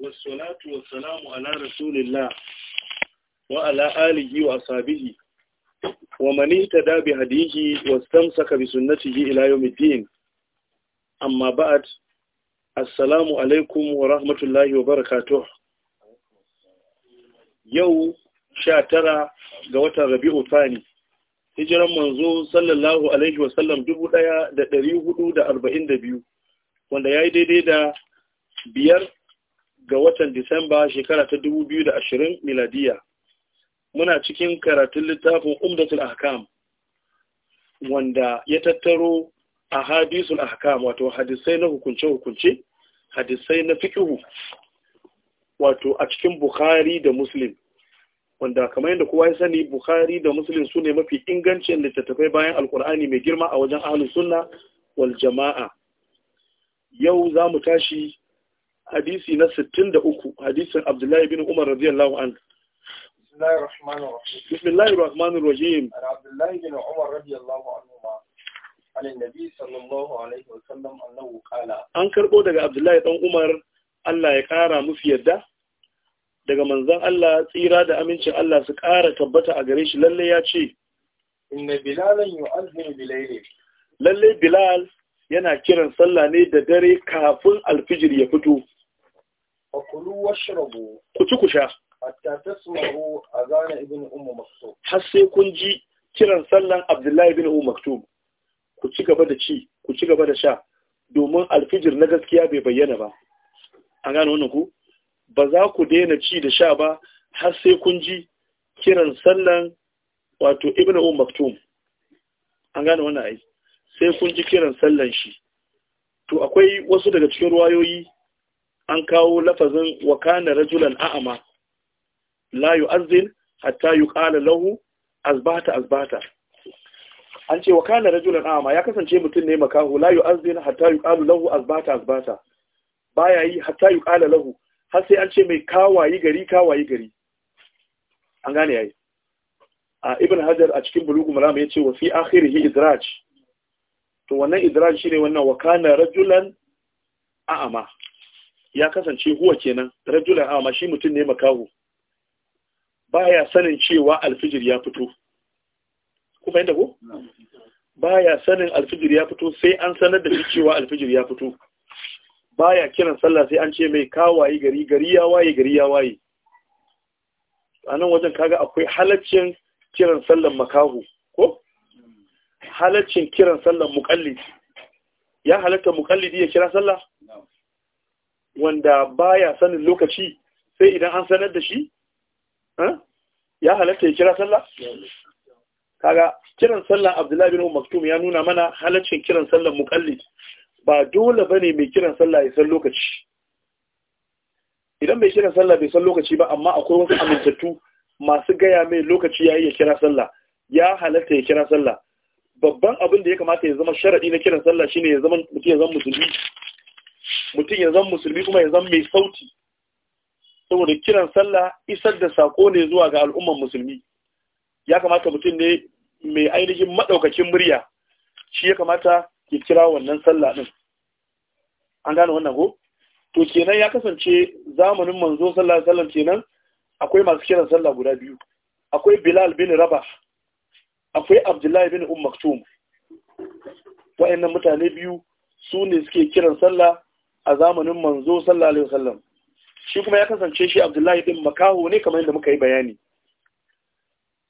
والصلاة والسلام على رسول الله وعلى آله وأصحابه ومن اهتدى بهديه واستمسك بسنته إلى يوم الدين أما بعد السلام عليكم ورحمة الله وبركاته يو شاترا قوة ربيع ثاني hijiran manzo sallallahu alaihi wasallam dubu ɗaya da ɗari hudu da arba'in da biyu wanda ya yi daidai da biyar ga watan Disamba shekara ta 2020 miladiya. Muna cikin karatun littafin Umdatul Ahkam wanda ya tattaro a hadisul ahkam wato hadisai na hukunce-hukunce, hadisai na fikihu wato a cikin Bukhari da Muslim. Wanda kamar yadda kowa ya sani Bukhari da Muslim su ne mafi ingancin littattafai bayan Alkur'ani mai girma a wajen ahlus sunna wal jama'a. Yau za mu tashi hadisi na 63 hadisin Abdullahi bin Umar radiyallahu anhu بسم الله الرحمن الرحيم عن عبد الله بن عمر رضي الله عنهما عن النبي صلى an karbo daga Abdullahi dan Umar Allah ya kara musu yadda daga manzon Allah tsira da amincin Allah su kara tabbata a gare shi lalle ya ce inna bilalan yu'azzinu bilayli lalle bilal yana kiran sallah ne da dare kafin alfijir ya fito فكلوا واشربوا ku ci ku sha hatta ابن azana مكتوب حسي كنجي har sai kun ji kiran sallan abdullahi ibn umm maktub ku ci gaba da ci ku ci gaba da sha domin alfijir na gaskiya bai bayyana ba an gane wannan ku ba za ku daina ci da sha ba har sai kun ji kiran sallan wato ibn Maktum. an gane wannan ai sai kun ji kiran sallan shi to akwai wasu daga cikin ruwayoyi an kawo lafazin wa kana rajulan a'ama la yu'azzin hatta yuqala lahu azbata azbata an ce wa kana rajulan a'ama ya kasance mutum ne makahu la yu'azzin hatta yuqalu lahu azbata azbata baya yi hatta yuqala lahu har sai an ce mai kawayi gari kawayi gari an gane yayi a ibn hajar a cikin bulugu malama ya ce wa fi akhirihi idraj to wannan idraj shine wannan wa kana rajulan a'ama ya kasance huwa kenan rajulan amma shi mutum ne makaho baya sanin cewa alfijir ya fito ku fahimta ko baya sanin alfijir ya fito sai an sanar da shi cewa alfijir ya fito baya kiran sallah sai an ce mai kawaye gari gari ya waye gari ya waye a nan wajen kaga akwai halaccin kiran sallan makahu ko halaccin kiran sallan muqallidi ya halatta muqallidi ya kira sallah wanda baya sanin lokaci sai idan an sanar da shi ya halatta ya kira sallah kaga kiran sallah abdullahi bin maktum ya nuna mana halaccin kiran sallah muqallid ba dole bane mai kiran sallah ya san lokaci idan mai kiran sallah bai san lokaci ba amma akwai wasu amintattu masu gaya mai lokaci yayi ya kira sallah ya halatta ya kira sallah babban abin da ya kamata ya zama sharadi na kiran sallah shine ya zama mutum ya zama musulmi mutum ya zan musulmi kuma ya zan mai sauti saboda kiran sallah isar da sako ne zuwa ga al'umman musulmi ya kamata mutum ne mai ainihin maɗaukakin murya shi ya kamata ya kira wannan sallah ɗin an gane wannan ko to kenan ya kasance zamanin manzo sallah, sallan kenan akwai masu kiran sallah guda biyu akwai bilal bin rabah akwai abdullahi bin um maktum wa'annan mutane biyu su ne suke kiran sallah a zamanin manzo sallallahu alaihi wasallam shi kuma ya kasance shi abdullahi din makaho ne kamar yadda muka yi bayani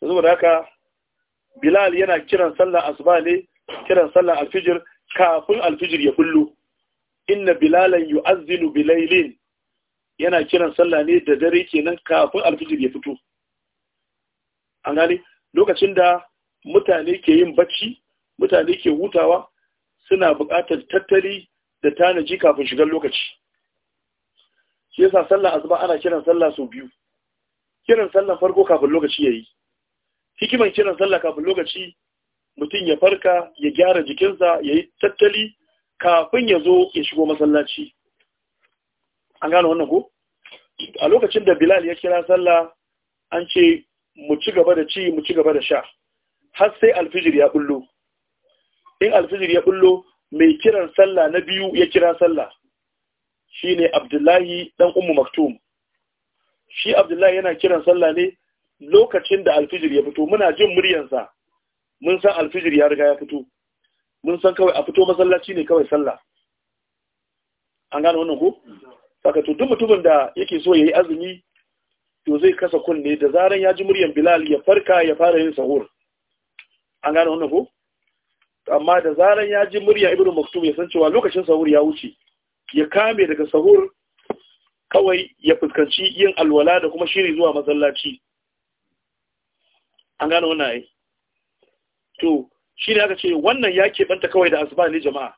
saboda haka bilal yana kiran sallar asuba ne kiran sallar alfijir kafin alfijir ya kullu inna bilalan yu'azzinu bilailin yana kiran sallah ne da dare kenan kafin alfijir ya fito an gani lokacin da mutane ke yin bacci mutane ke hutawa suna buƙatar tattali da tanaji kafin shigar lokaci shi yasa sallah azuba ana kiran sallah sau biyu kiran sallar farko kafin lokaci yayi hikiman kiran sallah kafin lokaci mutum ya farka ya gyara jikinsa ya yi tattali kafin ya zo ya shigo masallaci an gano wannan ko a lokacin da bilal ya kira sallah an ce mu ci gaba da ci mu ci gaba da sha har sai alfijir ya bullo in alfijir ya bullo mai kiran sallah na biyu ya kira sallah Shi ne Abdullahi dan umu Maktum shi Abdullahi yana kiran sallah ne lokacin da alfijir ya fito muna jin muryansa mun san alfijir ya riga ya fito mun san kawai a fito masallaci ne kawai sallah an gane wannan ko saka to duk mutumin da yake so ya yi azumi to zai kasa kunne da zaran ya ji muryan Bilal ya farka ya fara yin sahur an gane wannan ko amma da zaran ya ji murya ibnu maktum ya san cewa lokacin sahur ya wuce ya kame daga sahur kawai ya fuskanci yin alwala da kuma shiri zuwa masallaci an gane wannan ai to shi ne aka ce wannan ya keɓanta kawai da asuba ne jama'a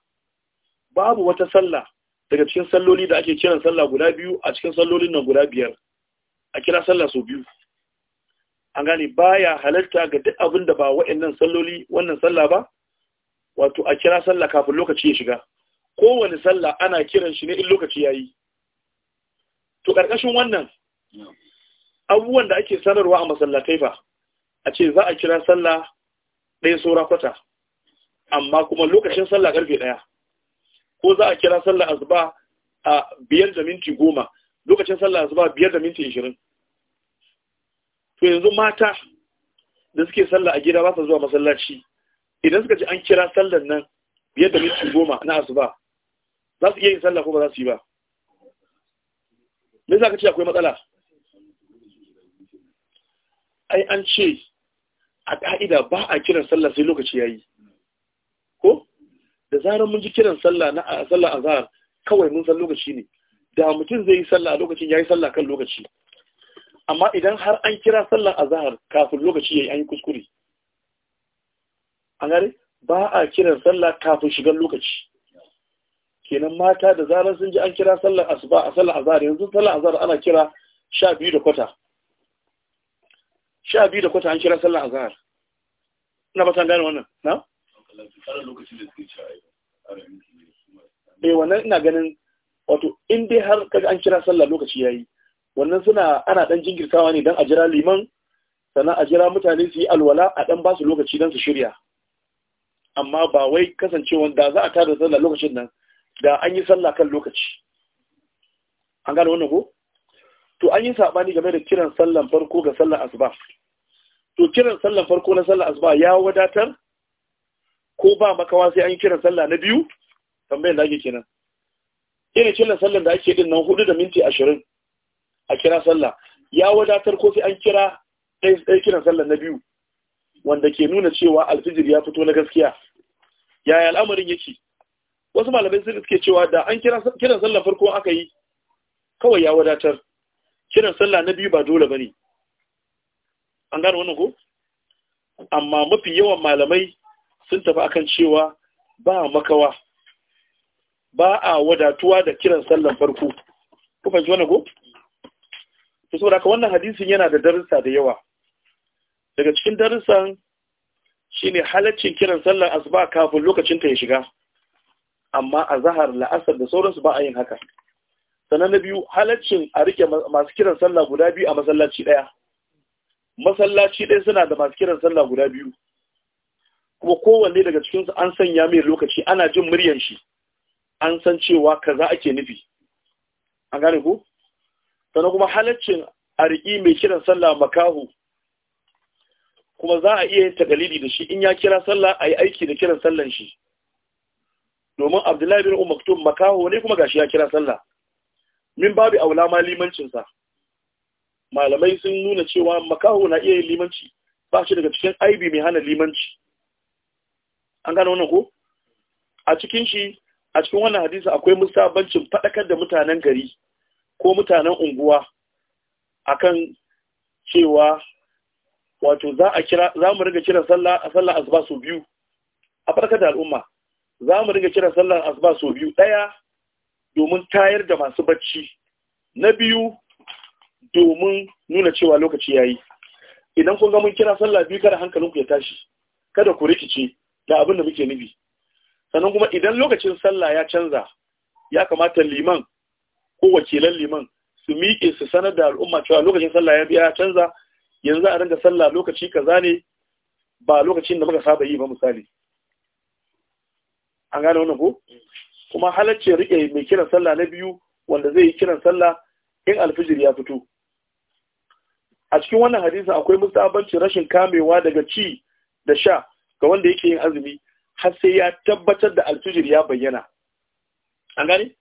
babu wata sallah daga cikin salloli da ake kiran sallah guda biyu a cikin sallolin nan guda biyar a kira sallah sau biyu an gane baya halarta ga duk abin da ba wa'annan salloli wannan sallah ba wato a kira sallah kafin lokaci ya shiga kowane sallah ana kiran shi ne in lokaci ya yi to ƙarƙashin wannan abubuwan da ake sanarwa a masallatai fa a ce za a kira sallah ɗaya saura kwata amma kuma lokacin sallah ƙarfe ɗaya ko za a kira sallah asuba a biyar da minti goma lokacin sallah asuba biyar da minti ishirin to yanzu mata da suke sallah a gida ba su zuwa masallaci idan suka ji an kira sallar nan biyar da minti goma na asuba za su iya yin sallah ko ba za su yi ba me za ka ce akwai matsala ai an ce a ƙa'ida ba a kiran sallah sai lokaci ya yi ko da zarar mun ji kiran sallah na a sallah azhar kawai mun san lokaci ne da mutum zai yi sallah a lokacin ya yi sallah kan lokaci amma idan har an kira sallar azhar kafin lokaci ya yi an yi kuskure an gari ba a kiran sallah kafin shigar lokaci kenan mata da zarar sun ji an kira sallar asuba a sallar azhar yanzu sallar azhar ana kira sha biyu da kwata sha biyu da kwata an kira sallar azhar ina ba ta gane wannan na? eh wannan ina ganin wato in dai har kaga an kira sallar lokaci yayi wannan suna ana dan jingirtawa ne dan a jira liman sannan a jira mutane su yi alwala a dan basu lokaci dan su shirya amma ba wai kasancewa da za a tada sallah lokacin nan da an yi sallah kan lokaci an gane wannan ko to an yi sabani game da kiran sallan farko ga sallan asuba to kiran sallan farko na sallan asuba ya wadatar ko ba makawa sai an yi kiran sallah na biyu tambayar da ake kenan Ina kiran sallan da ake din nan hudu da minti ashirin a kira sallah ya wadatar ko sai an kira ɗaya kiran sallan na biyu wanda ke nuna cewa alfijir ya fito na gaskiya yaya al'amarin yake wasu malamai sun suke cewa da an kiran sallah farko aka yi kawai ya wadatar kiran sallah na biyu ba dole bane an gano wannan ko amma mafi yawan malamai sun tafi akan cewa ba makawa ba a wadatuwa da kiran sallar farko ku fahimci wannan ko to saboda haka wannan hadisin yana da darussa da yawa daga cikin darussan shi ne halaccin kiran sallar asuba kafin lokacin ta ya shiga amma a zahar la'asar da sauransu ba a yin haka sannan na biyu halaccin a rike masu kiran sallah guda biyu a masallaci ɗaya masallaci ɗaya suna da masu kiran sallah guda biyu kuma kowanne daga cikinsu an sanya mai lokaci ana jin muryan shi an san cewa ka kaza ake nufi an gane ku sannan kuma halaccin a riƙi mai kiran sallah makahu kuma za a iya yin tagalidi da shi in ya kira sallah a yi aiki da kiran sallan shi domin abdullahi bin umaktum makaho ne kuma gashi ya kira sallah min babu aula ma limancinsa malamai sun nuna cewa makaho na iya yin limanci ba shi daga cikin aibi mai hana limanci an gano wannan ko a cikin shi a cikin wannan hadisi akwai musabancin faɗakar da mutanen gari ko mutanen unguwa akan cewa wato za a kira za mu riga kiran sallah a asuba so biyu a farkar da al'umma za mu riga kiran sallar asuba so biyu daya domin tayar da masu bacci na biyu domin nuna cewa lokaci yayi idan kun ga mun kira sallah biyu kada hankalinku ya tashi kada ku rikice da abin da muke nufi sannan kuma idan lokacin sallah ya canza ya kamata liman ko wakilan liman su miƙe su sanar da al'umma cewa lokacin sallah ya canza yanzu a ringa sallah lokaci kaza ne ba lokacin da muka saba yi ba misali an gane wannan ko kuma halaccin rike mai kiran sallah na biyu wanda zai yi kiran sallah in alfijir ya fito a cikin wannan hadisi akwai musabanci rashin kamewa daga ci da sha ga wanda yake yin azumi har sai ya tabbatar da alfijir ya bayyana an gane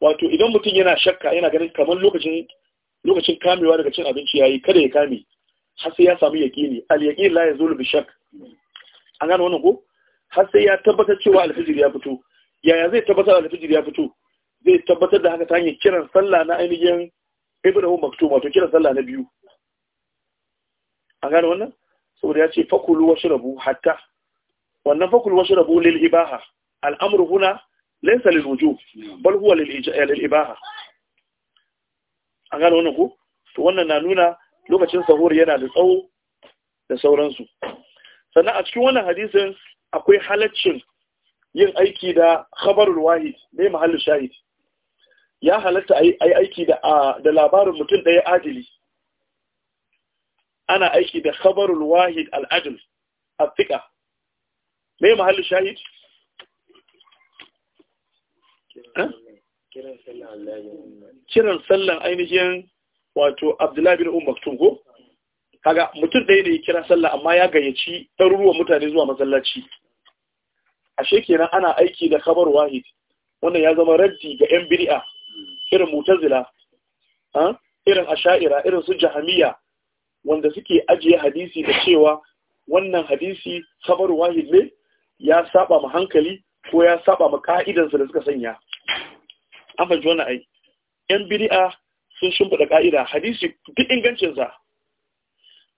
wato idan mutum yana shakka yana ganin kamar lokacin lokacin kamewa daga cin abinci yayi kada ya kame har sai ya samu yaqini al yaqin la yazulu bi shakk an gano wannan ko har sai ya tabbatar cewa al-fajr ya fito yaya zai tabbatar al-fajr ya fito zai tabbatar da haka ta hanyar kiran sallah na ainihin ibrahim maktuma to kiran sallah na biyu an gano wannan saboda ya ce fakulu wa shirabu hatta wannan fakulu wa shirabu lil ibaha al-amru huna laysa lil wujub bal huwa lil ibaha an gano wannan ku? to wannan na nuna lokacin sahur yana da tsawo da sauransu sannan a cikin wannan hadisin akwai halaccin yin aiki da khabarul wahid bai mahallu shahid ya halatta a yi aiki da labarin mutum ɗaya adili ana aiki da khabarul wahid al'adil a fiƙa mai mahallu shahid? kiran sallan ainihin wato abdullahi bin umar maktum ko kaga mutum ɗaya ne ya kira sallah amma ya gayyaci ɗaruruwan mutane zuwa masallaci ashe kenan ana aiki da kabar wahid wannan ya zama raddi ga yan biri'a, irin mutazila irin asha'ira irin su jahamiya wanda suke ajiye hadisi da cewa wannan hadisi kabar wahid ne ya saba ma hankali ko ya saba ma ka'idansu da suka sanya an wani ai yan biri'a sun shimfiɗa ka'ida hadisi duk ingancinsa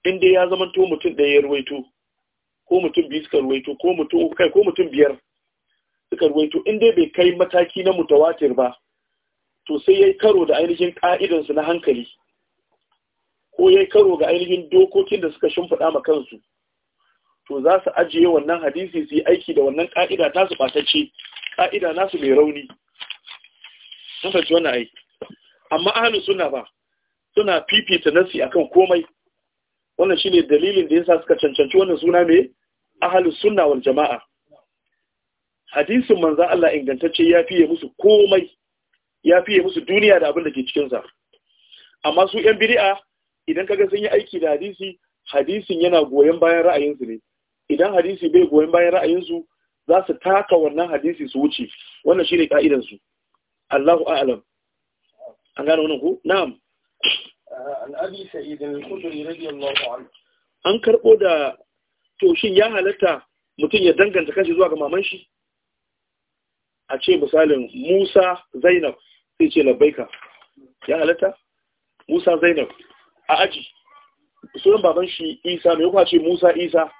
in dai ya zama to mutum ɗaya ya ruwaito ko mutum biyu suka ruwaito ko mutum kai ko mutum biyar suka ruwaito in dai bai kai mataki na mutawatir ba to sai yayi karo da ainihin ka'idansu na hankali ko yi karo ga ainihin dokokin da suka shimfiɗa ma kansu to za su ajiye wannan hadisi su yi aiki da wannan ƙa'ida ta su ɓatacce ka'ida nasu mai rauni sun fahimci wannan ai amma ahlus sunna ba suna fifita nasi akan komai wannan shine dalilin da yasa suka cancanci wannan suna me ahlus sunna wal jamaa hadisin manzo Allah ingantacce ya fiye musu komai ya fiye musu duniya da abin da ke cikin sa amma su yan bid'a idan kaga sun yi aiki da hadisi hadisin yana goyen bayan ra'ayinsu ne idan hadisi bai goyen bayan ra'ayinsu za su taka wannan hadisi su wuce wannan shine ka'idansu Allahu a'lam an gano wannan ku na'am an abi karbo da to shin ya halatta mutum ya danganta kanshi zuwa ga maman a ce misalin Musa Zainab sai ce labbaika ya halatta Musa Zainab a aji sunan baban shi Isa mai kuma ce Musa Isa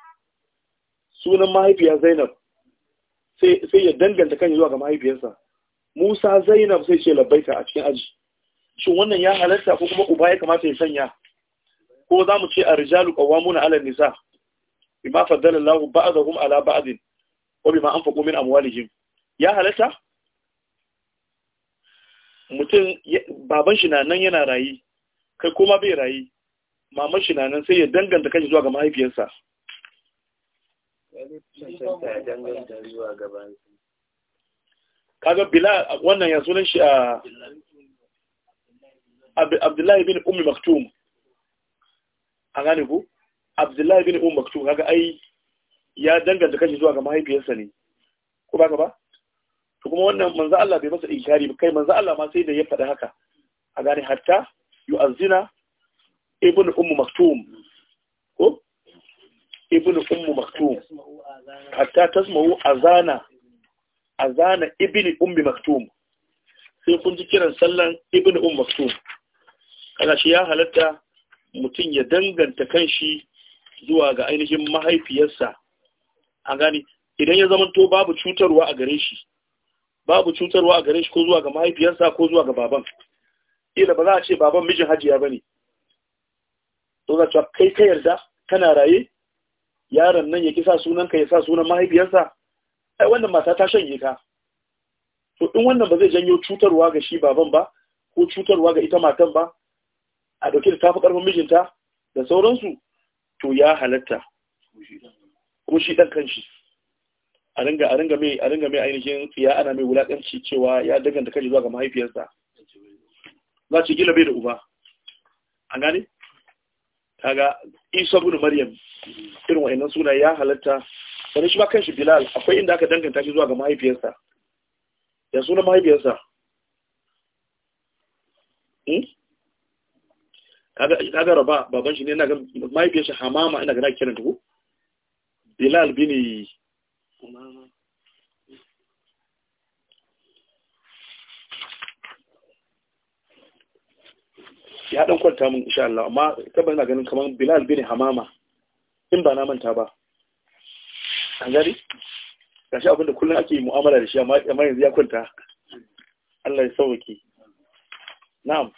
sunan mahaifiya Zainab sai ya danganta kanshi zuwa ga mahaifiyarsa Musa Zainab sai ce labbaika a cikin aji shin wannan ya halatta ko kuma uba ya kamata ya sanya ko za mu ce a rijalu qawwamuna 'ala nisa bima faddala Allahu ba'dahum 'ala ba'din wa bima anfaqu min amwalihim ya halatta mutum baban shi nan yana rayi kai kuma bai rayi maman shi nan sai ya danganta kanshi zuwa ga mahaifiyarsa kaga bila wannan ya sunan shi a ah, abdullahi bin ummi maktum a gane ku abdullahi bin ummi maktum kaga ai ya danganta kashi zuwa ga mahaifiyarsa ne ko ba ka ba to kuma wannan manzo Allah bai masa inkari ba kai manzo Allah ma sai da ya faɗi haka a gane hatta yu'azzina ibn ummu maktum ko ibn ummu maktum hatta tasma'u azana azana ibn ummi maktum sai kun ji kiran sallan ibn ummi maktum kana shi ya halatta mutum ya danganta kanshi zuwa ga ainihin mahaifiyarsa a gani idan ya zama to babu cutarwa a gare shi babu cutarwa a gare shi ko zuwa ga mahaifiyarsa ko zuwa ga baban ila ba za a ce baban mijin hajiya bane to za ta kai ka yarda kana raye yaron nan ya kisa sunanka ya sa sunan mahaifiyarsa ai wannan mata ta shanye ka to in wannan ba zai janyo cutarwa ga shi baban ba ko cutarwa ga ita matan ba a dauke da tafi karfin mijinta da sauransu to ya halatta kuma shi dan kanshi a ringa a ringa mai a ringa mai ainihin ya ana mai wulakanci cewa ya daganta kanshi zuwa ga mahaifiyarsa za ci gila bai da uba an gane kaga isa bin maryam irin wa'annan suna ya halatta sannan shi ma shi bilal akwai inda aka danganta shi zuwa ga mahaifiyarsa ya suna mahaifiyarsa hmm? kaga raba baban shi ne na ga mahaifiyar shi hamama ina ga na kiran tuku bilal bini ya dan kwanta mun insha Allah amma tabbata ina ganin kaman bilal bini hamama in ba na manta ba an gani gashi abin kullum ake mu'amala da shi amma yanzu ya kwanta Allah ya sauke na'am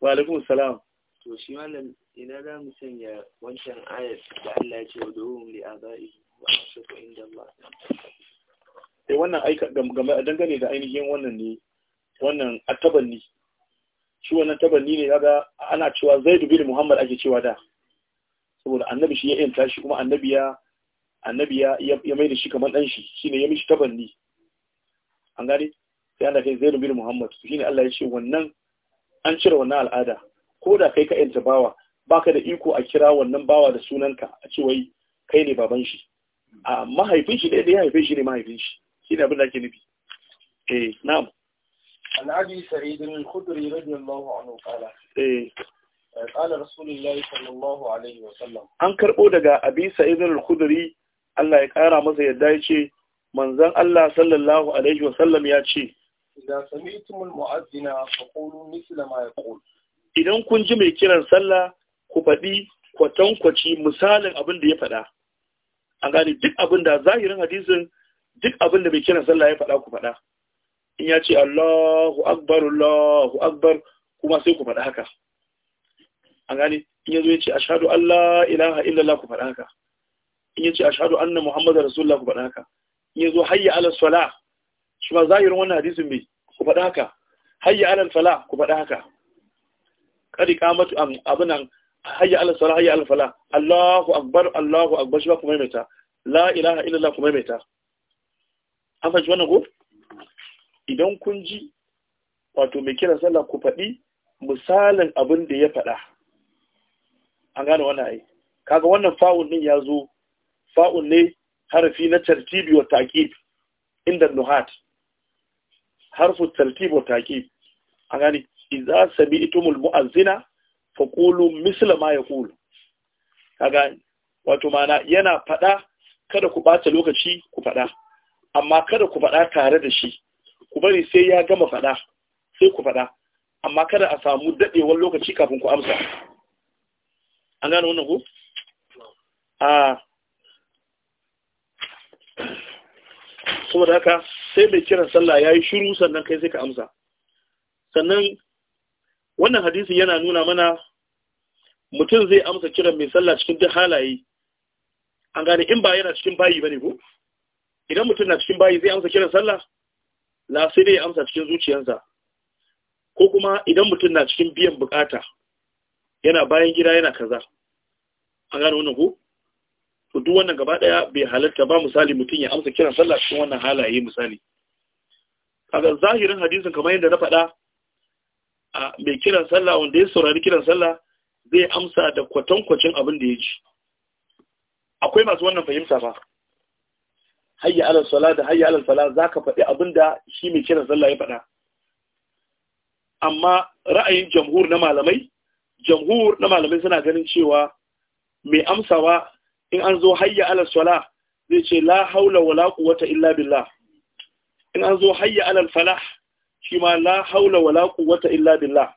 wa alaikum salam to shi malam ina za mu sanya wancan ayat da Allah ya ce wa duhum li aba'i wa ashaku inda Allah eh wannan aika game dangane da ainihin wannan ne wannan atabanni shi wannan tabanni ne kaga ana cewa Zaid bin Muhammad ake cewa da saboda annabi shi ya yanta shi kuma annabi ya annabi ya mai da shi kamar ɗan shi shine ya mishi tabanni an gane sai Allah kai zai bin Muhammad shine Allah ya ce wannan an cire wannan al'ada ko da kai ka yanta bawa baka da iko a kira wannan bawa da sunanka a ce wai kai ne baban shi a mahaifin shi dai ya haife shi ne mahaifin shi shine abin da ke nufi eh na'am an abi sa'id bin khudri radiyallahu anhu qala eh قال رسول الله صلى الله عليه وسلم an karbo daga ابي سعيد al Allah ya ƙara masa yadda ya ce manzon Allah sallallahu alaihi wasallam ya ce idan kun ji mai kiran sallah ku faɗi kwatankwaci misalin abin da ya faɗa an gani duk abin da zahirin hadisin duk abin da mai kiran sallah ya faɗa ku faɗa in ya ce Allahu akbar Allahu akbar kuma sai ku faɗa haka an gani in ya zo ya ce ashhadu an la ilaha illallah ku faɗa haka in yace ashhadu anna muhammadar rasulullah ku faɗa haka in yazo hayya ala salah shi ma zahirin wannan hadisin bai ku faɗa haka hayya ala fala ku faɗa haka kadi kamatu am abunan hayya ala salah hayya ala fala allahu akbar allahu akbar shi ba ku maimaita la ilaha illallah ku maimaita an fahimci wannan ko idan kun ji wato mai kira sallah ku faɗi misalin abin da ya faɗa an gane wannan ai kaga wannan fa'ul din ya zo fa'un ne harfi na tartibi wa taqib inda nuhat harfu tartibi wa taqib an gani idza sami'tumul mu'azzina faqulu misla ma yaqulu kaga wato mana yana fada kada ku ɓata lokaci ku fada amma kada ku fada tare da shi ku bari sai ya gama fada sai ku fada amma kada a samu dadewar lokaci kafin ku amsa an gane wannan ku a saboda haka sai mai kiran sallah ya yi shiru sannan kai sai ka amsa sannan wannan hadisi yana nuna mana mutum zai amsa kiran mai sallah cikin duk halaye an gane in ba yana cikin bayi ba ne, ko idan mutum na cikin bayi zai amsa kiran sallah la sai dai ya amsa cikin zuciyarsa ko kuma idan mutum na cikin biyan bukata yana bayan gida yana kaza an gane wannan ko to duk wannan gaba daya bai halatta ba misali mutum ya amsa kiran sallah cikin wannan halaye misali kaga zahirin hadisin kamar yadda na faɗa a mai kiran sallah wanda ya saurari kiran sallah zai amsa da kwatankwacin abin da ya ji akwai masu wannan fahimta ba. hayya alal sala da hayya alal fala zaka faɗi abinda da shi mai kiran sallah ya faɗa amma ra'ayin jamhur na malamai jamhur na malamai suna ganin cewa mai amsawa in an zo hayya ala sala zai ce la haula wala quwwata illa billah in an zo hayya ala falah shi ma la haula wala quwwata illa billah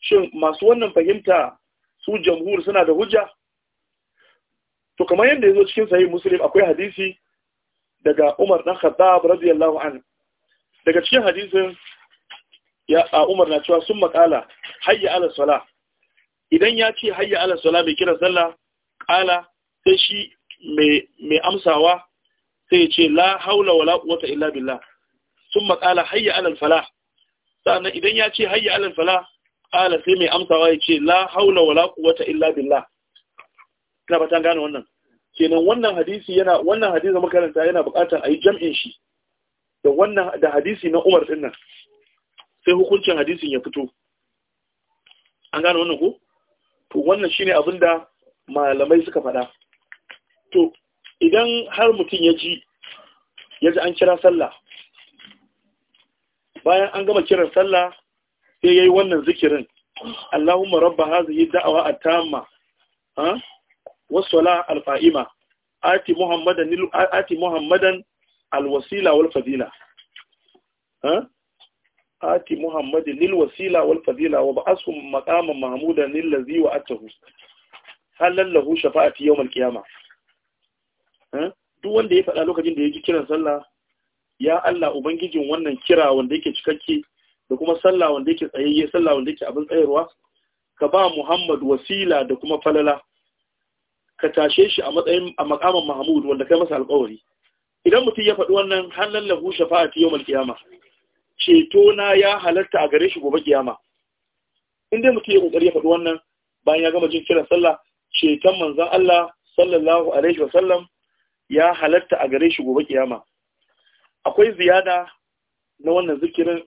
shin masu wannan fahimta su jamhur suna da hujja to kamar yadda yazo cikin sahih muslim akwai hadisi daga Umar dan Khattab radiyallahu anhu daga cikin hadisin ya a Umar na cewa sun makala hayya ala sala idan ya ce hayya ala sala mai kira sallah qala sai shi mai amsawa sai ya ce la haula wala quwwata illa billah sun maƙala hayya alal fala sannan idan ya ce hayya alal fala ƙala sai mai amsawa ya ce la haula wala quwwata illa billah ina ba ta gane wannan kenan wannan hadisi yana wannan hadisi makaranta yana buƙatar a yi jam'in shi da wannan da hadisi na Umar din nan sai hukuncin hadisin ya fito an gane wannan ko to wannan shine abin da malamai suka faɗa to idan har mutum ya ji ya ji an kira sallah bayan an gama kiran sallah sai ya yi wannan zikirin Allahumma rabba yi da'awa a tamma Wasu was-sala al-qa'ima ati muhammadan alwasila al wal-fadila ha ati muhammadin nilwasila wasila wal-fadila wa ba'asu maqaman mahmudan lil-ladhi wa'atahu halal shafa'ati yawm al Hmm? duk wanda ya faɗa lokacin da ya ji kiran sallah ya Allah ubangijin wannan kira wanda yake cikakke da kuma sallah wanda yake tsayayye sallah wanda yake abin tsayarwa ka ba Muhammad wasila da kuma falala ka tashe shi a matsayin a makaman Mahmud wanda kai masa alƙawari idan mutum ya faɗi wannan halal lahu shafa'ati yawmal qiyama ceto na ya halatta a gare shi gobe kiyama in dai mutum ya kokari ya faɗi wannan bayan ya gama jin kiran sallah ceton manzon Allah sallallahu alaihi sallam ya halatta a gare shi gobe kiyama akwai ziyada na wannan zikirin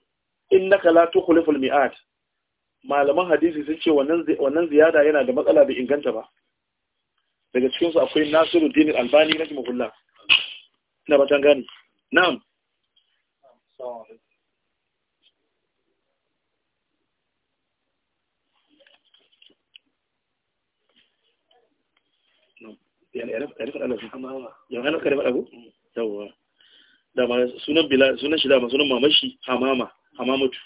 innaka la tukhliful mi'at malaman hadisi sun ce wannan ziyada yana da matsala da inganta ba daga cikin su akwai Nasiruddin Albani na Jumu'ullah na batan yana kare faɗa ko yawwa dama sunan bila sunan shi sunan mamashi hamama hamamatu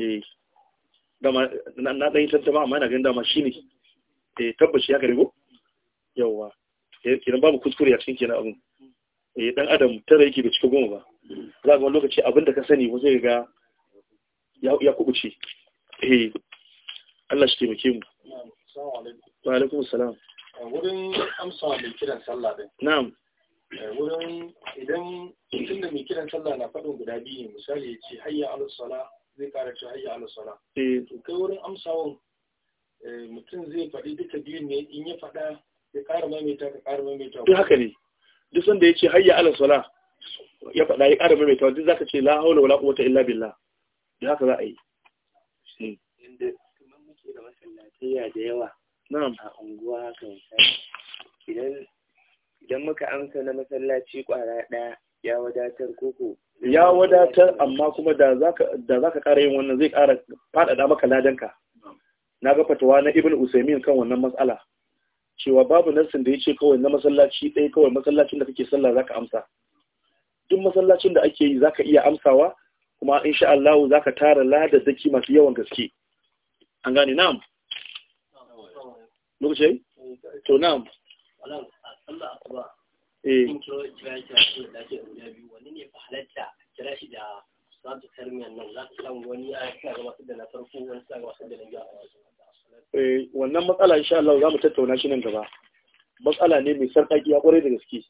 eh. na ɗan yi tantama amma yana ganin dama shi ne eh tabbaci ya kare ko yawwa eh, kenan babu kuskure a cikin kenan abin eh, ɗan adam tara yake bai cika goma ba za ga wani lokaci abin da ka sani ko sai ga ya kubuce eh Allah shi taimake mu wa alaikum wurin amsa mai kiran sallah din na'am eh, wurin idan mutum da mai kiran sallah na faɗin guda biyu misali ya ce hayya alusala zai ƙara ce hayya alusala eh. to kai wurin amsawan eh, mutum zai faɗi duka biyun ne in ya faɗa ya ƙara maimaita ka ƙara maimaita duk haka ne duk sanda ya ce hayya alusala ya faɗa ya ƙara maimaita duk zaka ce la haula wala quwwata illa billah duk haka za a yi inda kuma muke da masallatai da yawa a unguwa idan idan muka amsa na masallaci kwara ɗaya ya wadatar koko ya wadatar amma kuma da za ka ƙara yin wannan zai ƙara faɗaɗa maka ladanka na ga fatawa na ibn usaimin kan wannan matsala cewa babu nassin da ya ce kawai na masallaci ɗaya kawai masallacin da kake sallah za ka amsa duk masallacin da ake yi za ka iya amsawa kuma insha Allah za ka tara ladar masu yawan gaske an gane na'am lokacin to na eh kira shi da nan za wani da na farko wani da na biyu a eh, wannan matsala insha Allah za mu tattauna shi nan gaba matsala ne mai sarƙaƙi ya ƙwarai da gaske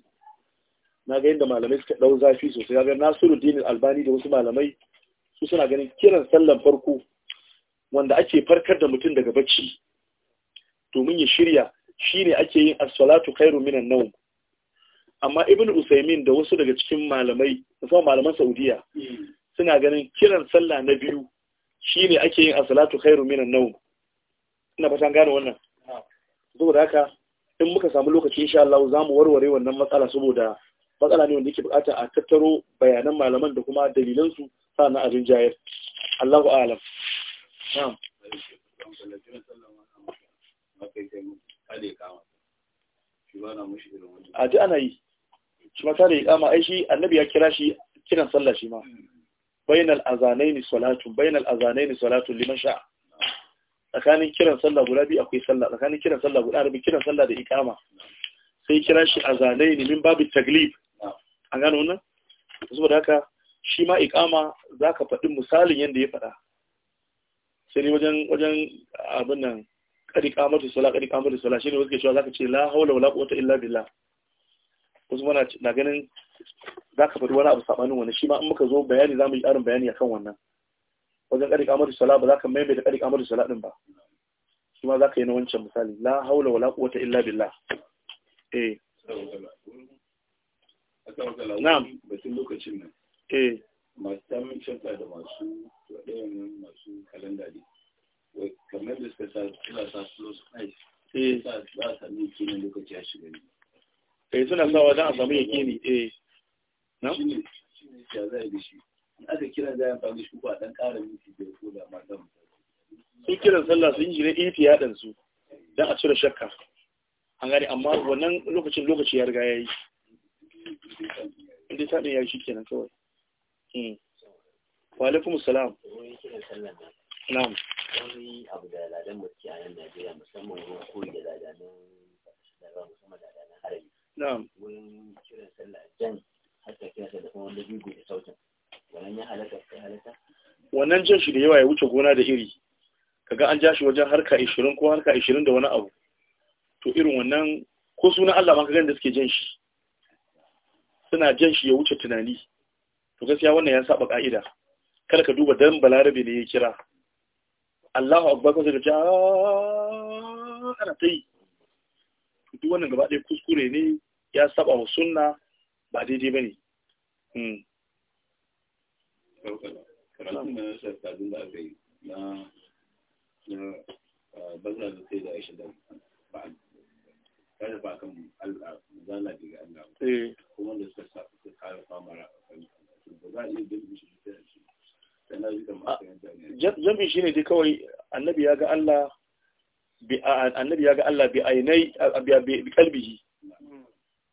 na ga yadda malamai suka ɗau zafi sosai ga nasiru dinin albani da wasu malamai su suna ganin kiran sallan farko wanda ake farkar da mutum daga bacci domin ya shirya shi ne ake yin asalatu salatu khairu minan naum amma ibn usaimin da wasu daga cikin malamai musamman malaman saudiya suna ganin kiran sallah na biyu Shi ne ake yin asalatu khairu minan naum ina fatan gane wannan saboda haka in muka samu lokaci insha Allah za mu warware wannan matsala saboda matsala ne wanda yake bukata a tattaro bayanan malaman da kuma dalilan su na abin jayar. Allahu a'lam na'am a ji ana yi shi ma tare ikama ai shi annabi ya kira shi kiran sallah shi ma bainal azanaini salatu bainal azanaini salatu liman sha'a tsakanin kiran sallah guda biyu akwai sallah tsakanin kiran sallah guda biyu kiran sallah da ikama sai kira shi azanaini min babu taglib an gano nan? saboda haka shi ma ikama zaka faɗi misalin yadda ya faɗa sai ni wajen wajen abin nan kadi Sola, sala Sola, shi ne wasu ke cewa ka ce la haula wala quwwata illa billah wasu mana na ganin za ka faɗi wani abu saɓanin wani shi ma in muka zo bayani za mu yi ƙarin bayani akan wannan wajen kadi kamatu sala ba zaka maimaita kadi kamatu sala din ba shi ma za ka yi na wancan misali la haula wala quwwata illa billah eh na'am batun lokacin nan eh masu tamin shanta da masu masu kalanda ne kamar da suka sa suna sa slow spice eh za a sami yakinin lokaci a shiga ne eh suna sawa don a samu yakini eh na shi shi ne ya zai da shi in aka kira da yan fami shi ko a dan ƙara minti biyar ko da ma zan su kiran sallah sun yi ne ihtiyadan su don a cire shakka an gani amma wannan lokacin lokaci ya riga ya yi inda ta ɗin ya yi shi kenan kawai hmm. wa alaikum salam na'am wani abu da ladan mu ke a Najeriya musamman koyi da Wannan ya halaka sai halaka. Wannan jan shi da yawa ya wuce gona da iri. Kaga an ja shi wajen harka 20 ko harka 20 da wani abu. To irin wannan ko sunan Allah ma kaga da suke jan shi. Suna jan shi ya wuce tunani. To gaskiya wannan ya saba ka'ida. kar ka duba dan balarabe ne ya kira. Allahu akbar ko sai ka ce ana ta yi duk wannan gaba ɗaya kuskure ne ya saba wa sunna ba daidai ba ne bazna da sai da aisha da ba kada ba kan al'azala da jam'i shi dai kawai annabi ya ga Allah annabi ya ga Allah bi ainai bi kalbihi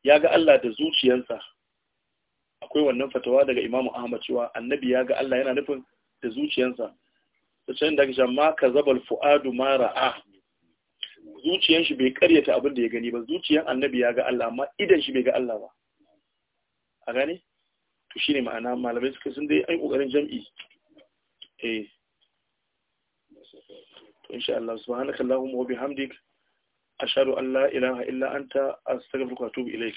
ya ga Allah da zuciyarsa akwai wannan fatawa daga Imam Ahmad cewa annabi ya ga Allah yana nufin da zuciyarsa sai daga jamma kazabal fuadu ma ra'a zuciyar shi bai karyata abin da ya gani ba zuciyar annabi ya ga Allah amma idan shi bai ga Allah ba a gane to shine ma'ana malamai suka sun dai ai kokarin jam'i eh insha Allah subhanaka allahumma wa bihamdik ashhadu an la ilaha illa anta astaghfiruka wa atubu ilaik